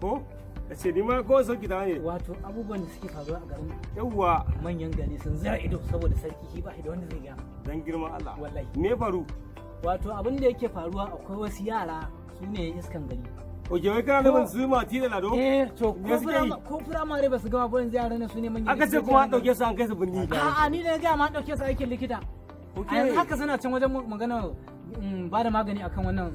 ko da ce ni ma ko sauki ta ne wato abubuwan da suke faruwa a garin yawwa manyan gari sun zira ido saboda sarki shi ba shi da wanda zai ga dan girman Allah wallahi me faru wato abin da yake faruwa akwai wasu yara su ne iskan gari Oke wai kana nufin su mati da lado? Eh to ko firamare ba su gama burin yaran nan su ne manyan. Aka ce kuma an dauke su an kai su binni. A'a ni ne ga ma an dauke su aikin likita. A yanzu haka sana can wajen magana mm, ba da magani akan wannan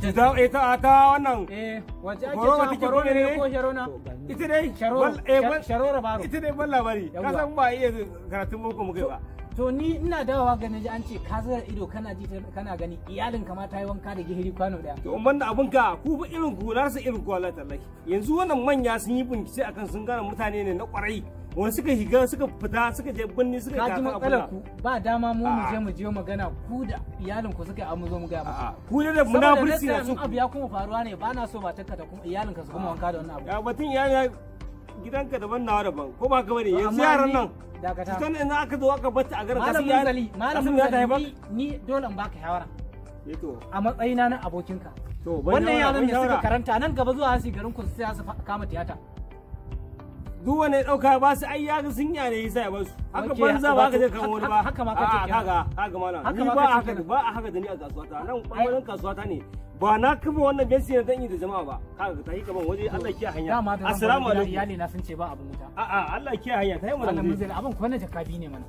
ita ita ata wannan eh wace ake cewa take ne ko sharona ita dai sharora eh, sharora baro ita dai ban labari ka san ba iya karatun boko muke ba to ni ina dawowa ga naji an ce ka zara ido kana ji kana gani iyalin ka ma ta yi wanka da gihiri kwano daya to umman da abun ka ku fa irin ku na rasa irin ku wallahi yanzu wannan manya sun yi bincike akan sun gane mutane ne na kwarai wani suka higa suka fita suka je binni suka kafa kaji matsalar ku ba dama mu mu je mu je magana ku da iyalin ku suka amma zo mu ga mu ku da da munafurci na su abu ya kuma faruwa ne ba na so ba ta ta kuma iyalin ka su kuma wanka da wannan abu ya batun iyalin gidanka daban nawa daban ko ba ka bane yanzu yaran nan dakata tun ina aka zo aka bata a garin kasu iyali malamin zali ni dole in baka shawara eh a matsayina na abokinka wannan yaran ne suka karanta nan gaba zuwa su garin ku sai su kama tiyata duk wani ya dauka ba su ai ya ga sun yare yi sai ba su haka banza ba ka je kan wani ba haka ma ga ka ga malam ni ba haka ba haka da ni a kasuwa ta nan bangaren kasuwa ta ne ba na kuma wannan gaskiya na zan yi da jama'a ba kaga ta yi kaman waje Allah kiyaye hanya assalamu alaikum iyali na sun ce ba abin wuta a a Allah kiyaye hanya ta yi mu da abin ko na jakabi ne mana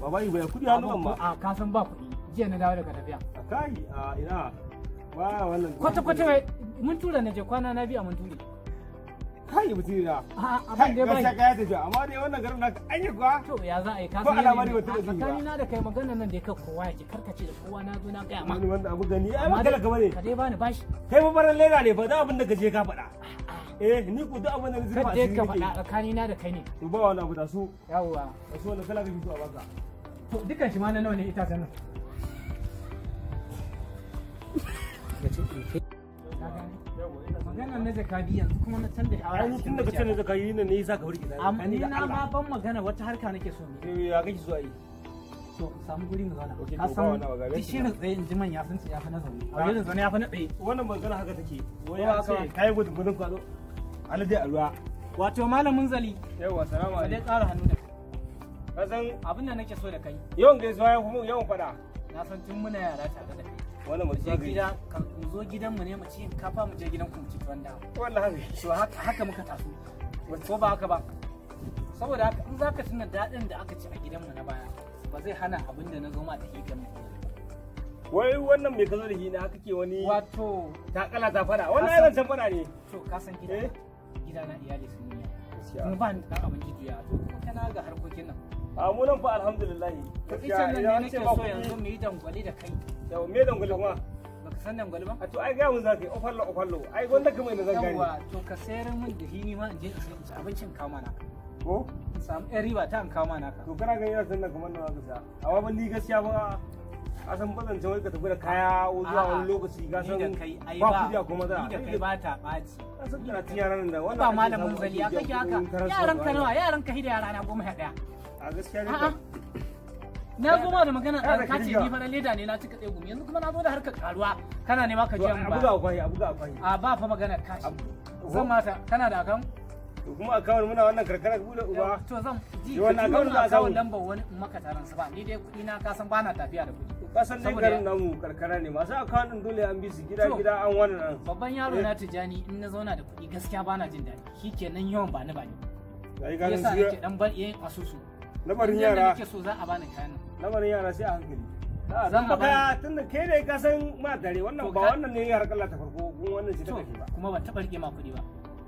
baba yi ba kudi hannu amma a ka san ba kudi jiya na dawo daga tafiya kai a ina ba wannan kwata kwata mun tura na je kwana na biya mun tura kai mutum da abin da bai amma dai wannan garin naka an yi kuwa to ya za a yi wata da na da kai magana nan da kai kowa ya karkace da kowa na zo na ma wani wanda abu gani ai ba kala gaba ne ka dai bani bashi kai ba baran leda ne fa da abin da ka je ka faɗa eh ni ku duk abin da zai faɗa ka faɗa tsakani na da kai ne to ba wani abu da su yawwa da su kala kake a baka to dukkan shi ma na nawa ne maganar na jakabi yanzu kuma na can da a tun daga can da jakabi ne ne za ka wuri gida amma ni na ma ban magana wata harka nake so ne eh, ya kake zuwa yi to samu guri mu zauna ka san ki tsaye ya fa na zaune a ah. zaune ya na tsaye wannan magana haka take wani ya ce kai gudun gudun kwado alade a ruwa wato malamin zali yawa salamu alaikum sai tsara hannu da ka san abin da nake so da kai yawan gaisuwa yawan fada na san tun muna yara da wannan mu je gida mu zo gidan mu ne mu ci kafa mu je gidan ku mu ci tuwon dawa wallahi to haka haka muka taso ko ba haka ba saboda haka in zaka tuna dadin da aka ci a gidan mu na baya ba zai hana abin da na zo ma da hidan mu wai wannan mai kazo da hina haka ke wani wato takala ta fada wannan yaran san fada ne to ka san gida eh? gida na iyali sun yi kuma ba ni da abin jiya. to kuma kana ga harkokin nan a mu fa alhamdulillah gaskiya ina ne nake ku yanzu mu yi dangwale da kai yau me dangwale kuma baka san dangwale ba a to ai ga mun za ka yi ofallo ofallo ai gwanda kuma ina zan gani yawa to ka sayar min da hini ma in je in ci abincin kama naka ko in samu yan riba ta an kama naka to kana ganin yasan nan kamar nawa ka sa amma ban ni gaskiya ba a san bazan can ka tafi da kaya zuwa wani lokaci ga san ba kudi a kuma da ni da kai ba ta ɓaci ka san kana tun yaran da wannan ba malamin zali a kake haka yaran ka nawa yaran ka hida yara na goma sha daya. a gaskiya ne na zo ma da magana a ka ni fa na leda ne na cika tsaye gumi yanzu kuma na zo da harkar karuwa kana nema ka jiyan ba abuga akwai abuga akwai a ba fa magana ka ce zan mata kana da akan kuma a muna wannan karkara bude uba to zan ji wannan akawun za a samu lambar wani maka taron su ba ni dai kuɗi na ka san bana tafiya da kuɗi kasan dai garin namu karkara ne masu akawun din dole an bi su gida gida an wannan nan babban yaro na eh. tijani in na zauna da kuɗi gaskiya bana jin daɗi shikenan yawan ba ni ba ni yasa nake dan bar yin eh, asusu lamarin yara kike so za a bani kayan lamarin yara sai a hankali zan ba kaya ma dare wannan ba wannan ne ta farko kuma wannan ta ba kuma ba taba rike ma kuɗi ba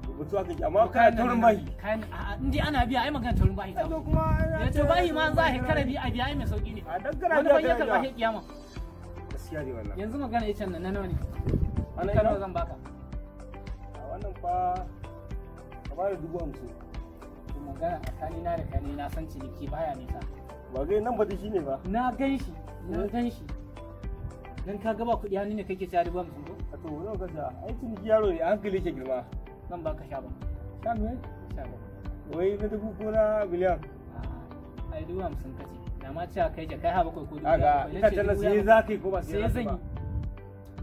rubutu aka yi amma kayan taurin bahi kayan ana biya ai magana taurin bahi kuma ya to bahi ma za ka karabi a biya ai mai sauki ne a wani ban karba shi kiyama gaskiya ne wannan yanzu magana ya can na nawa ne ana nawa zan baka wannan fa dubu hamsin magana tsakanina da kane na san ciniki baya nisa ba gai nan ba shi ne ba na gan shi na eh. gan shi dan ka gaba kuɗi hannu ne kake siya dubu hamsin ko a to wani kasa ai ciniki yaro ne hankali ke girma nan ba ka sha ba sha me sha ba wai na dubu ko na biliyan ah, ai dubu hamsin kace na ma cewa kai ja kai ha bakwai ko dubu aga ita tana sai za ka yi ko ba sai zan yi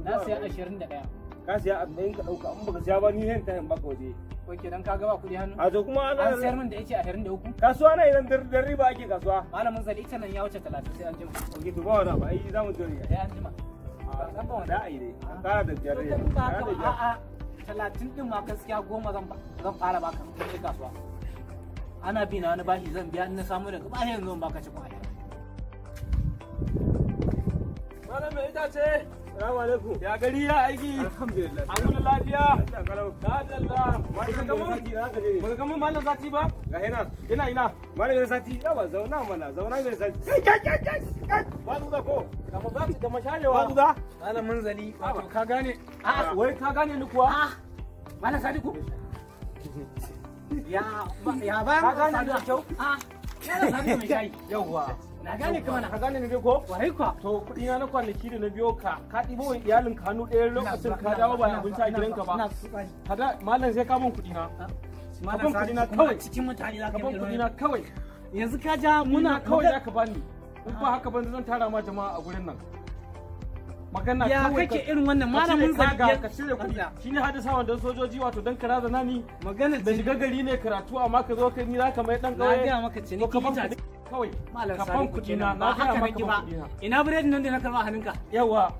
na siya ashirin da ɗaya ka siya a ɗayan ka ɗauka an baka siya ba ni hen ta yin baka waje Oke dan kaga ba kudi hannu. A to kuma ana an sayar min da yake 23. Kasuwa na idan dar riba ake kasuwa. Malamin zali ita nan ya wuce 30 sai an jima. Oke to ba wala ba ai zamu zo ne. Sai an jima. A ba wala ai dai. da biyar A a 30 din ma gaskiya goma zan ba zan fara baka mun kasuwa. Ana bi na wani bashi zan biya in na samu daga bashi yanzu baka ci kuma. Malamin ita ce. Salamu alaikum. Ya gari ya aiki. Alhamdulillah. An gudu lafiya. Allah kalau. Na Ba ka malam sati ba? Ga Ina ina. Malam sati. Yawa zauna mana. Zauna sati. Ba ko. Ba Malam munzali. Wato ka gane. wai ka gane ni kuwa. Ah. Malam sati ku. Ya ya ba. Ka gane ni kyau. Ah. mai na gane ka mana ka gane ne ko wai kwa to kudi na na kwanaki da na biyo ka ka dibo wa iyalin ka hannu ɗaya lokacin ka dawo ba abinci a gidanka ba kada malam sai ka mun kudi na ah, malam kudi na kawai cikin mutane za ka ban kudi na kawai yanzu ka ja muna kawai za ka bani in ba ah. haka ban zan tara ma jama'a a gurin nan magana ya kake irin wannan malamin zargi ka shirya kudi shine hadisa wanda sojoji wato dan kara da nani magana da shiga gari ne karatu amma ka zo kai ni za ka mai dan kawai na ga maka ciniki kawai malam sani kuɗi na ba haka nake ba ina biredin nan da na karba hannunka yawa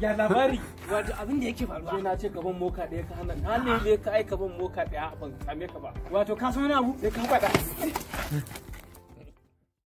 ya labari wato abin da yake faruwa na ce gaban moka ɗaya ka hannun na ne ka aika ban moka ɗaya ban same ka ba wato ka san wani abu sai ka faɗa